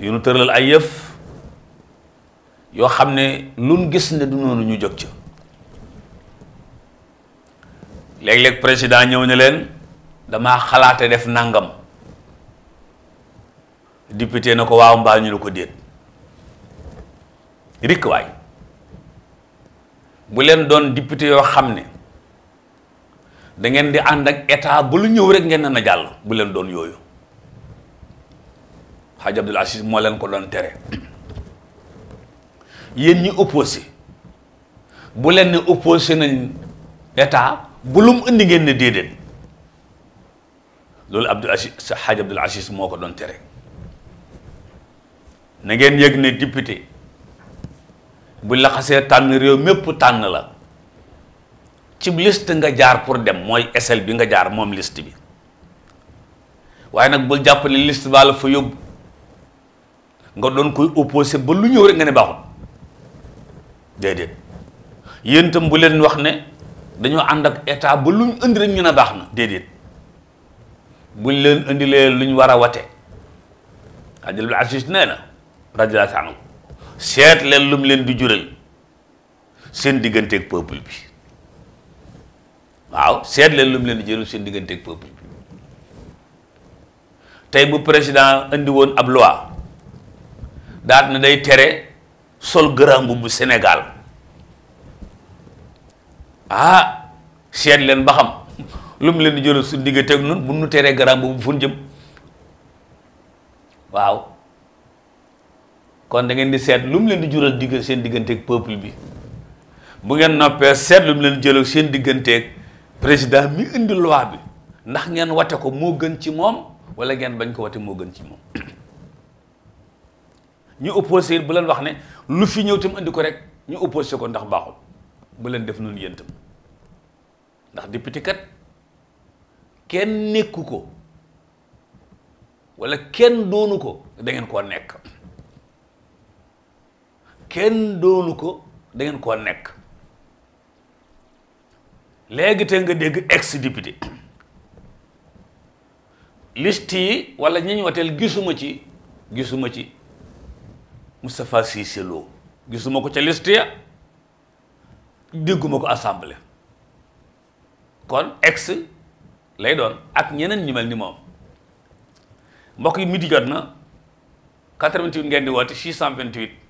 yu nu tëralal ay yëf yoo xam ne luñ gis ne du noonu ñu jóg ca léeg-léeg président ñëw ne leen damaa xalaate def nangam député na ko waaw mbaa ñu ko déet rikk waay bu leen doon député yoo xam ne dangeen di ànd ak état bu lu ñëw rek ngeen na jàll bu leen doon yooyu Hadj Abdoul Aziz moo leen ko doon tere yéen ñi opposé bu leen ne opposé nañ état bu lum indi ngeen ne déedéet loolu Abdoul Aziz sa Hadj Abdoul moo ko doon tere na ngeen yëg ne député bu laxasee tànn réew mépp tànn la ci liste nga jaar pour dem mooy esel bi nga jaar moom list bi waaye nag bul jàpp ne baa la fa yóbbu nga doon koy opposé ba lu ñëw rek nga ne baaxul déedéet yéen itam bu leen wax ne dañoo ànd ak état ba lu ñu indi rek ñu ne baax na déedéet buñ leen indilee lu ñu war a wate Abdul Aziz nee na radiyallaahu anhu seet leen lu mu leen di jural seen digganteeg peuple bi waaw seet leen lu mu leen di jural seen digganteeg peuple bi tey bu président indi woon ab loi daat na day tere sol gërambu bu Sénégal ah seet leen ba xam lu mu leen di jëlal suñ diggante ak bu nu teree gërambu bu fun jëm waaw kon da ngeen di seet lu mu leen di jural digg seen digganteeg peuple bi bu ngeen noppee seet lu mu leen di jëlal seen digganteeg président mi indi loi bi ndax ngeen wate ko moo gën ci moom wala ngeen bañ ko wate moo gën ci moom ñu opposé bu leen wax ne lu fi ñëw tam indi ko rek ñu opposé ko ndax baaxul bu leen def noonu yéen tam ndax député kat kenn nekku ko walla kenn doonu ko da ngeen koo nekk kenn doonu ko da ngeen nekk léegi te nga dégg ex député liste yi walla ñu ñu wateel gisuma ci gisuma ci Moustapha Cissé Lo gisuma ko ca liste ya dégguma ko assemblée kon ex lay doon ak ñeneen ñu mel ni moom mbokk yi di jot na 88 ngeen di woote 628